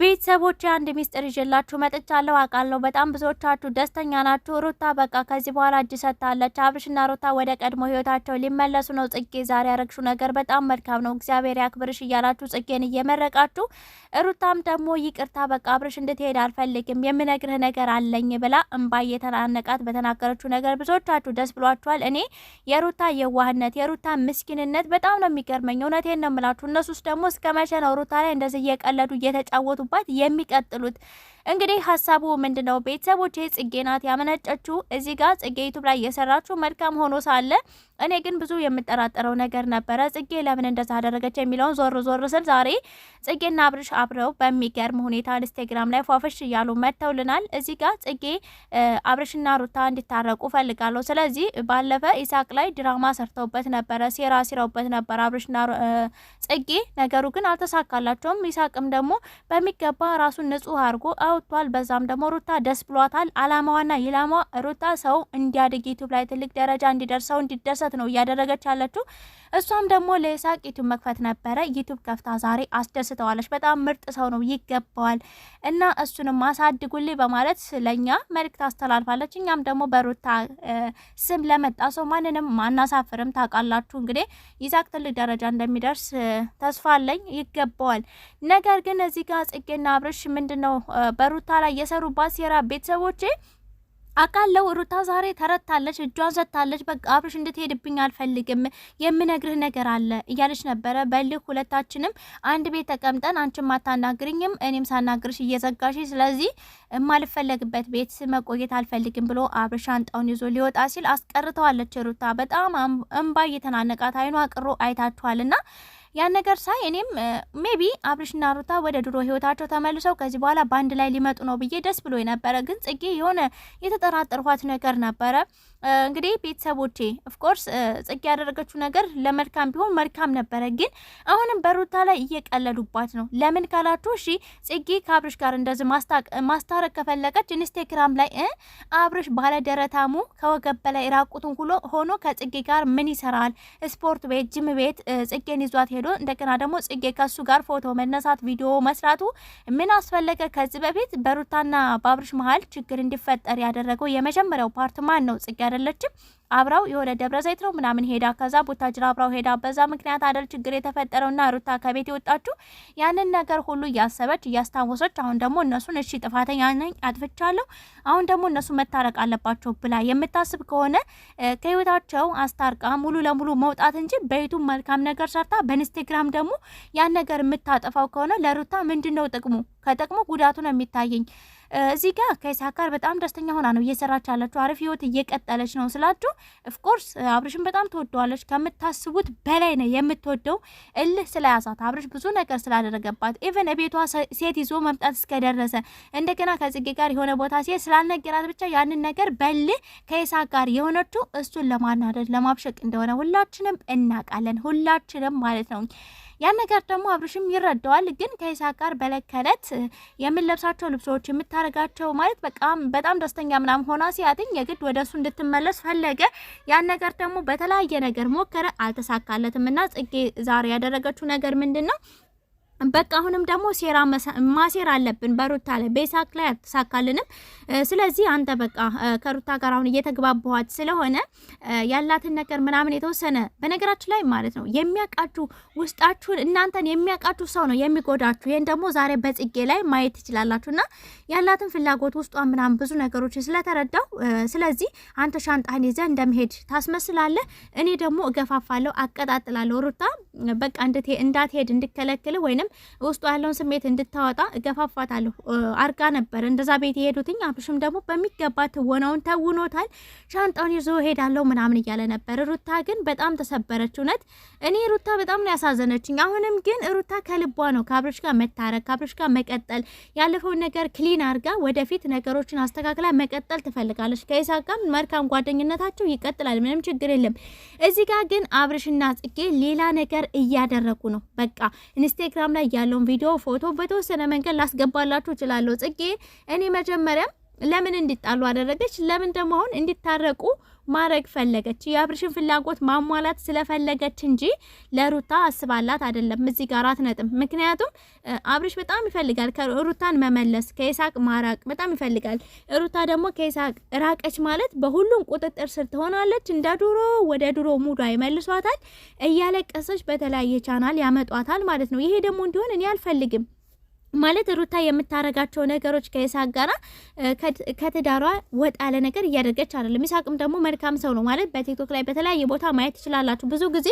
ቤተሰቦች አንድ ሚስጥር ይዤላችሁ መጥቻለሁ። አውቃለሁ በጣም ብዙዎቻችሁ ደስተኛ ናችሁ። ሩታ በቃ ከዚህ በኋላ እጅ ሰጥታለች። አብርሽና ሩታ ወደ ቀድሞ ህይወታቸው ሊመለሱ ነው። ጽጌ ዛሬ ያረግሹ ነገር በጣም መልካም ነው፣ እግዚአብሔር ያክብርሽ እያላችሁ ጽጌን እየመረቃችሁ፣ ሩታም ደግሞ ይቅርታ በቃ አብርሽ እንድትሄድ አልፈልግም፣ የምነግርህ ነገር አለኝ ብላ እምባ እየተናነቃት በተናገረችው ነገር ብዙዎቻችሁ ደስ ብሏችኋል። እኔ የሩታ የዋህነት የሩታ ምስኪንነት በጣም ነው የሚገርመኝ። እውነቴን ነው የምላችሁ። እነሱስ ደግሞ እስከ መቼ ነው ሩታ ላይ እንደዚህ እየቀለዱ እየተጫወ ሲጫወቱባት የሚቀጥሉት እንግዲህ ሀሳቡ ምንድነው? ቤተሰቦቼ ጽጌ ናት ያመነጨችው። እዚህ ጋር ጽጌ ዩቱብ ላይ የሰራችሁ መልካም ሆኖ ሳለ እኔ ግን ብዙ የምጠራጠረው ነገር ነበረ። ጽጌ ለምን እንደዛ አደረገች የሚለውን ዞር ዞር ስል ዛሬ ጽጌና አብርሽ አብረው በሚገርም ሁኔታ ኢንስታግራም ላይ ፏፍሽ እያሉ መጥተውልናል። እዚህ ጋር ጽጌ አብርሽና ሩታ እንዲታረቁ ፈልጋለሁ። ስለዚህ ባለፈ ኢሳቅ ላይ ድራማ ሰርተውበት ነበረ፣ ሴራ ሲረውበት ነበር አብርሽና ጽጌ። ነገሩ ግን አልተሳካላቸውም። ኢሳቅም ደግሞ በሚገባ ራሱን ንጹህ አድርጎ አውጥቷል። በዛም ደግሞ ሩታ ደስ ብሏታል። አላማዋና ይላማ ሩታ ሰው እንዲያድግ ዩቱብ ላይ ትልቅ ደረጃ እንዲደርሰው እንዲደሰት ነው እያደረገች ያለችው። እሷም ደግሞ ለይሳቅ ዩቱብ መክፈት ነበረ። ዩቱብ ከፍታ ዛሬ አስደስተዋለች። በጣም ምርጥ ሰው ነው፣ ይገባዋል እና እሱንም አሳድጉልኝ በማለት ለእኛ መልእክት አስተላልፋለች። እኛም ደግሞ በሩታ ስም ለመጣ ሰው ማንንም አናሳፍርም። ታውቃላችሁ እንግዲህ ይሳቅ ትልቅ ደረጃ እንደሚደርስ ተስፋ አለኝ፣ ይገባዋል። ነገር ግን እዚህ ጋር ጽጌና አብርሽ ምንድን ነው በሩታ ላይ የሰሩባት ሴራ ቤተሰቦቼ አቃለው ሩታ ዛሬ ተረታለች፣ እጇን ሰጥታለች። በቃ አብርሽ እንድትሄድብኝ አልፈልግም፣ የምነግርህ ነገር አለ እያለች ነበረ። በልህ ሁለታችንም አንድ ቤት ተቀምጠን አንቺም አታናግርኝም፣ እኔም ሳናግርሽ እየዘጋሽ፣ ስለዚህ የማልፈለግበት ቤት መቆየት አልፈልግም ብሎ አብርሽ ሻንጣውን ይዞ ሊወጣ ሲል አስቀርተዋለች ሩታ። በጣም እንባ እየተናነቃት አይኗ ቅሮ ና ያን ነገር ሳይ እኔም ሜቢ አብርሽና ሩታ ወደ ድሮ ህይወታቸው ተመልሰው ከዚህ በኋላ በአንድ ላይ ሊመጡ ነው ብዬ ደስ ብሎ ነበረ። ግን ጽጌ የሆነ የተጠራጠርኋት ነገር ነበረ። እንግዲህ ቤተሰቦቼ ኦፍኮርስ ጽጌ ያደረገችው ነገር ለመልካም ቢሆን መልካም ነበረ። ግን አሁንም በሩታ ላይ እየቀለዱባት ነው። ለምን ካላችሁ እሺ ጽጌ ከአብርሽ ጋር እንደዚህ ማስታረቅ ከፈለገች ኢንስታግራም ላይ አብርሽ ባለ ደረታሙ ከወገብ በላይ ራቁቱን ሆኖ ከጽጌ ጋር ምን ይሰራል? ስፖርት ቤት፣ ጅም ቤት ጽጌን ይዟት ሄዶ እንደገና ደግሞ ጽጌ ከሱ ጋር ፎቶ መነሳት ቪዲዮ መስራቱ ምን አስፈለገ? ከዚህ በፊት በሩታና በአብርሽ መሀል ችግር እንዲፈጠር ያደረገው የመጀመሪያው ፓርት ማን ነው? ጽጌ አይደለችም? አብራው የሆነ ደብረ ዘይት ነው ምናምን ሄዳ ከዛ ቡታጅራ አብራው ሄዳ በዛ ምክንያት አደል ችግር የተፈጠረውና ሩታ ከቤት የወጣችሁ ያንን ነገር ሁሉ እያሰበች እያስታወሰች፣ አሁን ደግሞ እነሱን እሺ ጥፋተኛ ነኝ አጥፍቻለሁ፣ አሁን ደግሞ እነሱ መታረቅ አለባቸው ብላ የምታስብ ከሆነ ከህይወታቸው አስታርቃ ሙሉ ለሙሉ መውጣት እንጂ በዩቱብ መልካም ነገር ሰርታ በኢንስታግራም ደግሞ ያን ነገር የምታጠፋው ከሆነ ለሩታ ምንድን ነው ጥቅሙ? ከጥቅሙ ጉዳቱ ነው የሚታየኝ። እዚህ ጋር ከይሳ ጋር በጣም ደስተኛ ሆና ነው እየሰራች ያለችው። አሪፍ ህይወት እየቀጠለች ነው ስላችሁ፣ ኦፍኮርስ አብርሽን በጣም ትወደዋለች። ከምታስቡት በላይ ነው የምትወደው። እልህ ስለያዛት አብርሽ ብዙ ነገር ስላደረገባት፣ ኢቨን ቤቷ ሴት ይዞ መምጣት እስከደረሰ እንደገና ከጽጌ ጋር የሆነ ቦታ ሴት ስላልነገራት ብቻ ያንን ነገር በልህ ከይሳ ጋር የሆነችው እሱን ለማናደድ ለማብሸቅ እንደሆነ ሁላችንም እናውቃለን። ሁላችንም ማለት ነው። ያን ነገር ደግሞ አብርሽም ይረዳዋል። ግን ከይሳቅ ጋር በለከለት የምንለብሳቸው ልብሶች የምታደርጋቸው ማለት በቃም በጣም ደስተኛ ምናምን ሆና ሲያትኝ የግድ ወደ እሱ እንድትመለስ ፈለገ። ያን ነገር ደግሞ በተለያየ ነገር ሞከረ፣ አልተሳካለትም። እና ጽጌ ዛሬ ያደረገችው ነገር ምንድን ነው? በቃ አሁንም ደግሞ ሴራ ማሴር አለብን በሩታ ላይ በይሳቅ ላይ አትሳካልንም። ስለዚህ አንተ በቃ ከሩታ ጋር አሁን እየተግባባኋት ስለሆነ ያላትን ነገር ምናምን የተወሰነ በነገራችሁ ላይ ማለት ነው የሚያቃችሁ ውስጣችሁን እናንተን የሚያቃችሁ ሰው ነው የሚጎዳችሁ። ይህን ደግሞ ዛሬ በጽጌ ላይ ማየት ትችላላችሁ። እና ያላትን ፍላጎት ውስጧ ምናምን ብዙ ነገሮችን ስለተረዳው ስለዚህ አንተ ሻንጣህን ይዘህ እንደመሄድ ታስመስላለህ፣ እኔ ደግሞ እገፋፋለሁ፣ አቀጣጥላለሁ ሩታ በቃ እንዳትሄድ እንድከለክል ወይንም ውስጡ ያለውን ስሜት እንድታወጣ እገፋፋታለሁ። አርጋ ነበር እንደዛ ቤት የሄዱትኝ። አብርሽም ደግሞ በሚገባ ትወናውን ተውኖታል። ሻንጣውን ይዞ ሄዳለሁ ምናምን እያለ ነበር። ሩታ ግን በጣም ተሰበረች። እውነት እኔ ሩታ በጣም ነው ያሳዘነችኝ። አሁንም ግን ሩታ ከልቧ ነው ከአብርሽ ጋር መታረቅ፣ ከአብርሽ ጋር መቀጠል፣ ያለፈውን ነገር ክሊን አርጋ ወደፊት ነገሮችን አስተካክላ መቀጠል ትፈልጋለች። ከይሳቅ ጋር መልካም ጓደኝነታቸው ይቀጥላል። ምንም ችግር የለም። እዚህ ጋር ግን አብርሽና ጽጌ ሌላ ነገር እያደረጉ ነው። በቃ ኢንስታግራም ላይ ላይ ያለውን ቪዲዮ፣ ፎቶ በተወሰነ መንገድ ላስገባላችሁ እችላለሁ። ጽጌ እኔ መጀመሪያም ለምን እንዲጣሉ አደረገች? ለምን ደግሞ አሁን እንዲታረቁ ማድረግ ፈለገች። የአብርሽን ፍላጎት ማሟላት ስለፈለገች እንጂ ለሩታ አስባላት አይደለም። እዚህ ጋር አትነጥም። ምክንያቱም አብርሽ በጣም ይፈልጋል ከሩታን መመለስ፣ ከይሳቅ ማራቅ በጣም ይፈልጋል። ሩታ ደግሞ ከይሳቅ ራቀች ማለት በሁሉም ቁጥጥር ስር ትሆናለች። እንደ ድሮ ወደ ድሮ ሙዷ ይመልሷታል። እያለቀሰች በተለያየ ቻናል ያመጧታል ማለት ነው። ይሄ ደግሞ እንዲሆን እኔ አልፈልግም። ማለት ሩታ የምታረጋቸው ነገሮች ከይሳቅ ጋራ ከትዳሯ ወጥ ያለ ነገር እያደረገች አይደለም። ይስሐቅም ደግሞ መልካም ሰው ነው ማለት በቲክቶክ ላይ በተለያየ ቦታ ማየት ትችላላችሁ። ብዙ ጊዜ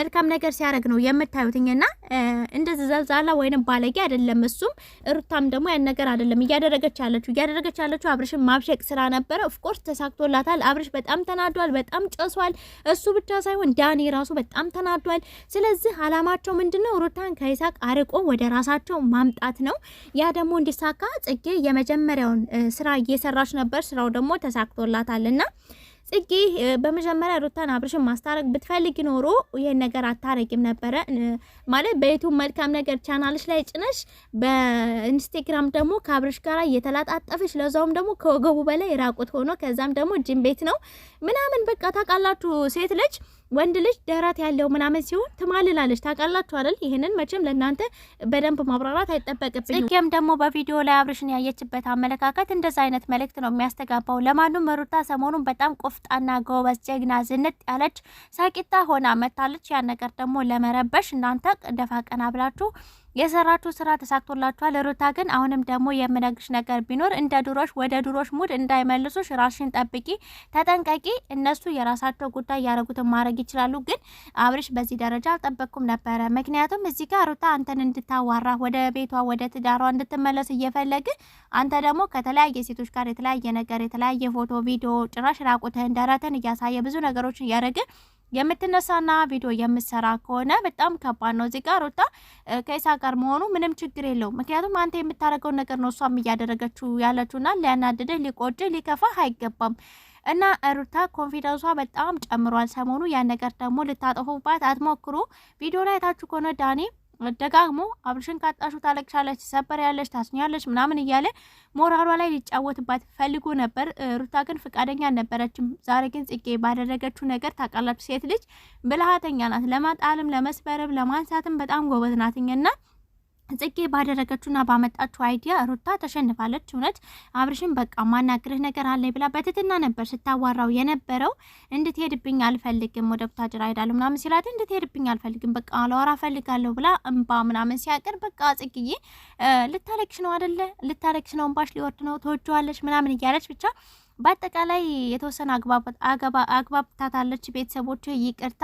መልካም ነገር ሲያደርግ ነው የምታዩትኝና እንደዚህ ዘልዛላ ወይንም ባለጌ አይደለም። እሱም ሩታም ደግሞ ያን ነገር አይደለም እያደረገች ያለችው። እያደረገች ያለችው አብርሽን ማብሸቅ ስላነበረ ኦፍኮርስ ተሳክቶላታል። አብርሽ በጣም ተናዷል፣ በጣም ጨሷል። እሱ ብቻ ሳይሆን ዳኒ ራሱ በጣም ተናዷል። ስለዚህ አላማቸው ምንድነው? ሩታን ከይሳቅ አርቆ ወደ ራሳቸው ማምጣት ነው። ያ ደግሞ እንዲሳካ ጽጌ የመጀመሪያውን ስራ እየሰራች ነበር። ስራው ደግሞ ተሳክቶላታል እና ጽጌ በመጀመሪያ ሩታን አብርሽን ማስታረቅ ብትፈልግ ኖሮ ይህን ነገር አታረጊም ነበረ። ማለት በዩቱብ መልካም ነገር ቻናልሽ ላይ ጭነሽ በኢንስታግራም ደግሞ ከአብርሽ ጋር እየተላጣጠፍሽ ለዛውም ደግሞ ከወገቡ በላይ ራቁት ሆኖ ከዛም ደግሞ ጅን ቤት ነው ምናምን በቃ ታውቃላችሁ ሴት ልጅ ወንድ ልጅ ደረት ያለው ምናምን ሲሆን ትማልላለች። ታውቃላችሁ አይደል? ይህንን መቼም ለእናንተ በደንብ ማብራራት አይጠበቅብኝ። ጽጌም ደግሞ በቪዲዮ ላይ አብርሽን ያየችበት አመለካከት እንደዛ አይነት መልእክት ነው የሚያስተጋባው። ለማንም መሩታ ሰሞኑን በጣም ቆፍጣና፣ ጎበዝ፣ ጀግና፣ ዝንጥ ያለች ሳቂታ ሆና መታለች። ያን ነገር ደግሞ ለመረበሽ እናንተ ደፋ ቀና ብላችሁ የሰራችሁ ስራ ተሳክቶላችኋል። ሩታ ግን አሁንም ደግሞ የምነግርሽ ነገር ቢኖር እንደ ድሮሽ ወደ ድሮሽ ሙድ እንዳይመልሱሽ ራስሽን ጠብቂ፣ ተጠንቀቂ። እነሱ የራሳቸው ጉዳይ ያደረጉትን ማድረግ ይችላሉ። ግን አብርሽ በዚህ ደረጃ አልጠበቅኩም ነበረ። ምክንያቱም እዚህ ጋር ሩታ አንተን እንድታዋራ ወደ ቤቷ ወደ ትዳሯ እንድትመለስ እየፈለግ አንተ ደግሞ ከተለያየ ሴቶች ጋር የተለያየ ነገር የተለያየ ፎቶ፣ ቪዲዮ ጭራሽ ራቁትህን ደረትን እያሳየ ብዙ ነገሮችን እያደረግን የምትነሳና ቪዲዮ የምትሰራ ከሆነ በጣም ከባድ ነው። እዚህ ጋር ሩታ ከይሳ ጋር መሆኑ ምንም ችግር የለውም። ምክንያቱም አንተ የምታደርገው ነገር ነው እሷም እያደረገችው ያለችውና ሊያናድድ፣ ሊቆጭ፣ ሊከፋ አይገባም። እና ሩታ ኮንፊደንሷ በጣም ጨምሯል ሰሞኑ። ያን ነገር ደግሞ ልታጠፉባት አትሞክሩ። ቪዲዮ ላይ ታችሁ ከሆነ ዳኔ ደጋግሞ አብርሽን ካጣሹ ታለቅሻለች፣ ሰበር ያለች ታስኛለች ምናምን እያለ ሞራሏ ላይ ሊጫወትባት ፈልጎ ነበር። ሩታ ግን ፍቃደኛ አልነበረችም። ዛሬ ግን ጽጌ ባደረገችው ነገር ታውቃላችሁ፣ ሴት ልጅ ብልሃተኛ ናት። ለማጣልም ለመስበርም ለማንሳትም በጣም ጎበዝ ናትኝና ጽጌ ባደረገችውና ባመጣችው አይዲያ ሩታ ተሸንፋለች። እውነት አብርሽን በቃ ማናግርህ ነገር አለኝ ብላ በትትና ነበር ስታዋራው የነበረው። እንድትሄድብኝ አልፈልግም፣ ወደ ቡታጅራ ሄዳለሁ ምናምን ሲላት እንድትሄድብኝ አልፈልግም፣ በቃ አላወራ ፈልጋለሁ ብላ እምባ ምናምን ሲያቅር በቃ ጽጌዬ ልታለቅሽ ነው አደለ? ልታለቅሽ ነው፣ እምባሽ ሊወርድ ነው፣ ተወጅዋለች ምናምን እያለች ብቻ በአጠቃላይ የተወሰነ አግባብታታለች። ቤተሰቦች ይቅርታ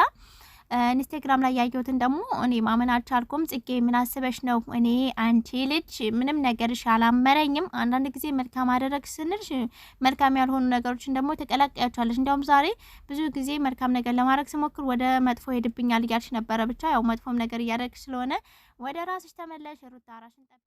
ኢንስታግራም ላይ ያየሁትን ደግሞ እኔ ማመን አልቻልኩም። ጽጌ ምን አስበሽ ነው? እኔ አንቺ ልጅ ምንም ነገርሽ አላመረኝም። አንዳንድ ጊዜ መልካም አደረግ ስንልሽ መልካም ያልሆኑ ነገሮችን ደግሞ ተቀላቅያቸዋለች። እንዲያውም ዛሬ ብዙ ጊዜ መልካም ነገር ለማድረግ ስሞክር ወደ መጥፎ ሄድብኛል እያልሽ ነበረ። ብቻ ያው መጥፎም ነገር እያደረግሽ ስለሆነ ወደ ራስሽ ተመለሽ ሩታ ራስሽን